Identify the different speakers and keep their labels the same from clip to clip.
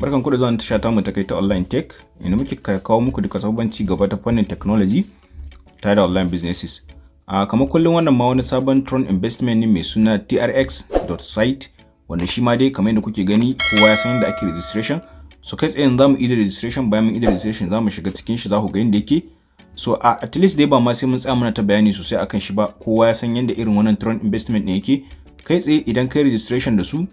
Speaker 1: Barkan ku da zuwa tasha ta ta kai ta online tech inda muke kawo muku duka sabon ci gaba ta fannin technology tare da online businesses. A kamar kullum wannan ma wani sabon Tron investment ne mai suna trx.site wanda shi ma dai kamar yadda kuke gani kowa ya san yadda ake registration. So kai tsaye za mu ido registration bayan mun ida registration za shiga cikin shi za ku ga yadda yake. So a at least dai ba ma sai mun tsaya muna ta bayani sosai akan shi ba kowa ya san yadda irin wannan Tron investment ne yake. Kai tsaye idan kai registration da su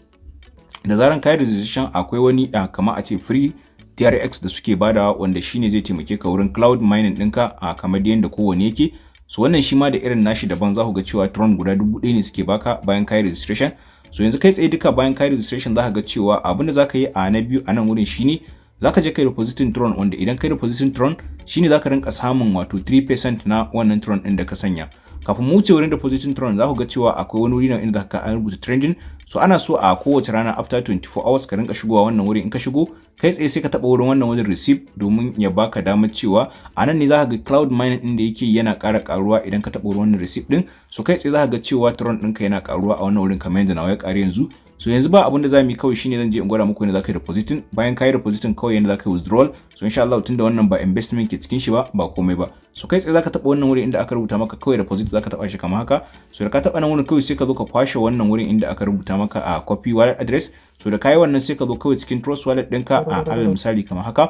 Speaker 1: da zaran ka yi registration akwai wani da ah, kama a ce free TRX da suke bada wanda shine zai taimake ka wurin cloud mining ɗinka a ah, kamar yadda kowane yake so wannan shi ma da irin nashi daban za ku ga cewa Tron guda dubu ɗaya ne suke baka bayan ka yi registration so yanzu kai tsaye duka bayan ka yi registration za ka ga cewa abin da za ka yi a ah, na biyu a nan wurin shine za ka je ka kai repositing Tron wanda idan kai repositing Tron shine za ka rinka samun wato 3% na wannan Tron ɗin da ka sanya kafin mu wuce wurin repositing Tron za ku ga cewa akwai wani wuri na inda ka rubuta trending so ana so a kowace rana after 24 hours ka rinka shigowa wannan wurin in ka shigo kai tsaye sai ka taba wurin wannan wurin receipt domin ya baka damar cewa a nan ne zaka ga cloud mining din da yake yana ƙara karuwa idan ka taba wurin wannan receipt din so kai tsaye za ga cewa tron ɗinka yana karuwa a wannan wurin kamar yadda nawa ya ƙare yanzu so yanzu ba abin da za mu yi kawai shine zan je in gwada muku yadda zaka yi depositing bayan ka yi depositing kawai yadda za yi withdrawal so insha Allah tunda wannan ba investment ke cikin shi ba ba komai ba so kai tsaye za ka taɓa wannan wurin inda aka rubuta maka kawai deposit za ka taɓa shi kamar haka so da ka taɓa nan wurin kawai sai ka zo ka kwashe wannan wurin inda aka rubuta maka a copy wallet address so da ka wannan sai ka zo kawai cikin trust wallet ɗinka a alal misali kamar haka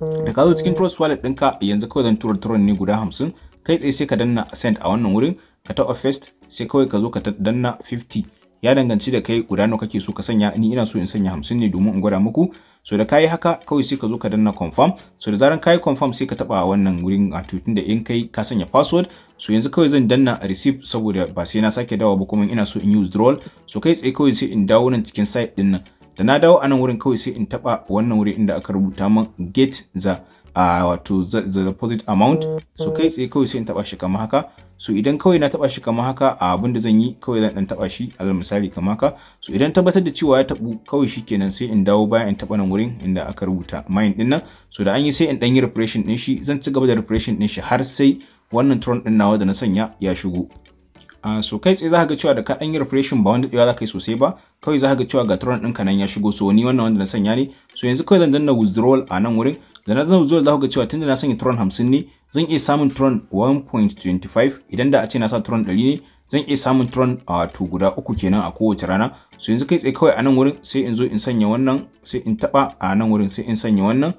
Speaker 1: da ka zo cikin trust wallet ɗinka yanzu kawai zan tura turon ne guda hamsin kai tsaye sai ka danna send a wannan wurin ka taba first sai kawai ka zo ka danna 50 ya danganci da kai guda nawa kake so ka sanya ni ina so in sanya 50 ne domin in gwada muku so da kayi haka kawai sai ka zo ka danna confirm so da zaran kayi confirm sai ka taba wannan wurin a tutun da in kai ka sanya password so yanzu kawai zan danna receive saboda ba sai na sake dawo ba kuma ina so in yi withdrawal so kai tsaye kawai sai in dawo nan cikin site din nan da na dawo a nan wurin kawai sai in taba wannan wuri inda aka rubuta man get za. a wato the deposit amount so kai tsaye kawai sai in taba shi kamar haka so idan kawai na taba shi kamar haka a abin da zan yi kawai zan dan taba shi alal misali kamar haka so idan tabbatar da cewa ya tabu kawai shikenan sai in dawo bayan in taba nan wurin inda aka rubuta mine din nan so da an yi sai in dan yi refreshing din shi zan ci gaba da refreshing din shi har sai wannan tron din nawa da na sanya ya shigo Uh, so kai tsaye za ga cewa da ka dan yi refreshin ba wanda ɗaya zaka yi sosai ba kawai za ga cewa ga din ka nan ya shigo so ni wannan wanda na sanya ne so yanzu kawai zan danna withdrawal a nan wurin da na zo da ga cewa tunda na sanya tron 50 ne zan iya samun tron 1.25 idan da a ce na sa tron 100 ne zan iya samun tron a wato guda uku kenan a kowace rana su yanzu kai tsaye kawai a nan wurin sai in zo in sanya wannan sai in taba a nan wurin sai in sanya wannan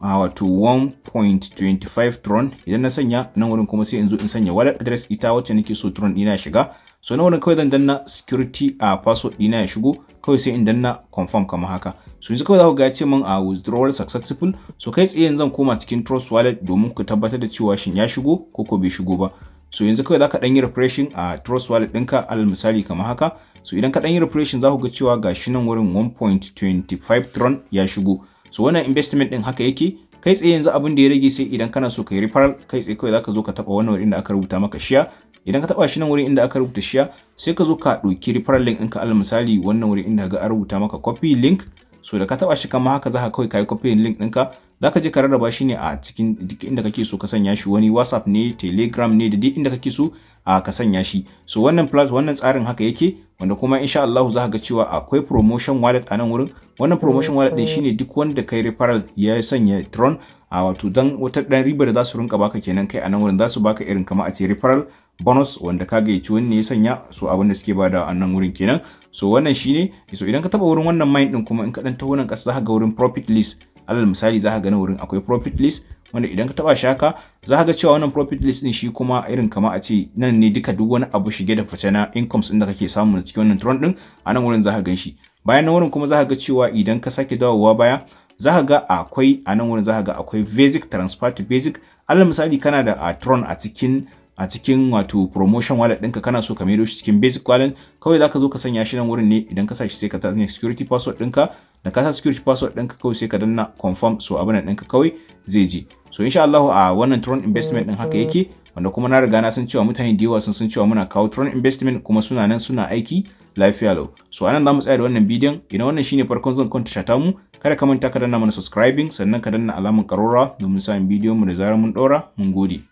Speaker 1: a wato 1.25 tron idan na sanya nan wurin kuma sai in zo in sanya wallet address ita wacce nake so tron ina ya shiga so na wurin kawai zan danna security a password ɗina ya shigo kawai sai in danna confirm kamar haka su yanzu kawai za ku ga ce min a withdrawal successful so kai tsaye zan koma cikin trust wallet domin ku tabbatar da cewa shin ya shigo ko ko bai shigo ba so yanzu kawai za ka ɗan yi refreshing a trust wallet ɗinka alal misali kamar haka so idan ka ɗan yi refreshing za ku ga cewa ga shi nan wurin 1.25 tron ya shigo so wannan investment ɗin haka yake kai tsaye yanzu abin da ya rage sai idan kana so ka yi referral kai tsaye kawai zaka zo ka taba wannan wurin da aka rubuta maka shiya idan ka taba shi nan wurin inda aka rubuta shiya sai ka zo ka ɗauki referral link ɗinka alal misali wannan wurin inda ga rubuta maka copy link so da ka taba shi kama haka zaka kawai kai copy link ɗinka zaka je ka rarraba shi ne a cikin duk inda kake so ka sanya shi wani WhatsApp ne Telegram ne da duk inda kake so a ka sanya shi so wannan plus wannan tsarin haka yake wanda kuma insha Allah za ga cewa akwai promotion wallet a nan wurin wannan promotion wallet din shine duk wanda kai referral ya sanya Tron a wato dan wata dan riba da za su rinka baka kenan kai a nan wurin za su baka irin kamar a ce referral bonus wanda ka gayyaci wani ne ya sanya so abin da suke bada a nan wurin kenan so wannan shine so idan ka taba wurin wannan mine din kuma in ka dan taho nan kasa zaka ga wurin profit list alal misali zaka ga na wurin akwai profit list wanda idan ka taba shaka zaka ga cewa wannan profit list din shi kuma irin kama a ce nan ne duka duk wani abu shige da fice na incomes din da kake samu na cikin wannan trend din a nan wurin zaka ganshi bayan nan wurin kuma zaka ga cewa idan ka sake dawowa baya zaka ga akwai a nan wurin zaka ga akwai basic transfer basic alal misali kana da a tron a cikin a cikin wato promotion wallet ɗinka kana so ka maido shi cikin basic wallet kawai zaka zo ka sanya shi nan wurin ne idan ka sa shi sai ka sanya security password ɗinka da ka sa security password ɗinka kawai sai ka danna confirm so abin nan ɗinka kawai zai je so insha Allah a wannan Tron investment ɗin haka yake wanda kuma na riga na san cewa mutane da yawa sun san cewa muna kawo Tron investment kuma suna nan suna aiki lafiya lau so anan zamu tsaya da wannan bidiyon idan wannan shine farkon zan kwanta shata mu kada ka manta ka danna mana subscribing sannan ka danna alamar karora domin samun bidiyon mu da zarar mun ɗora mun gode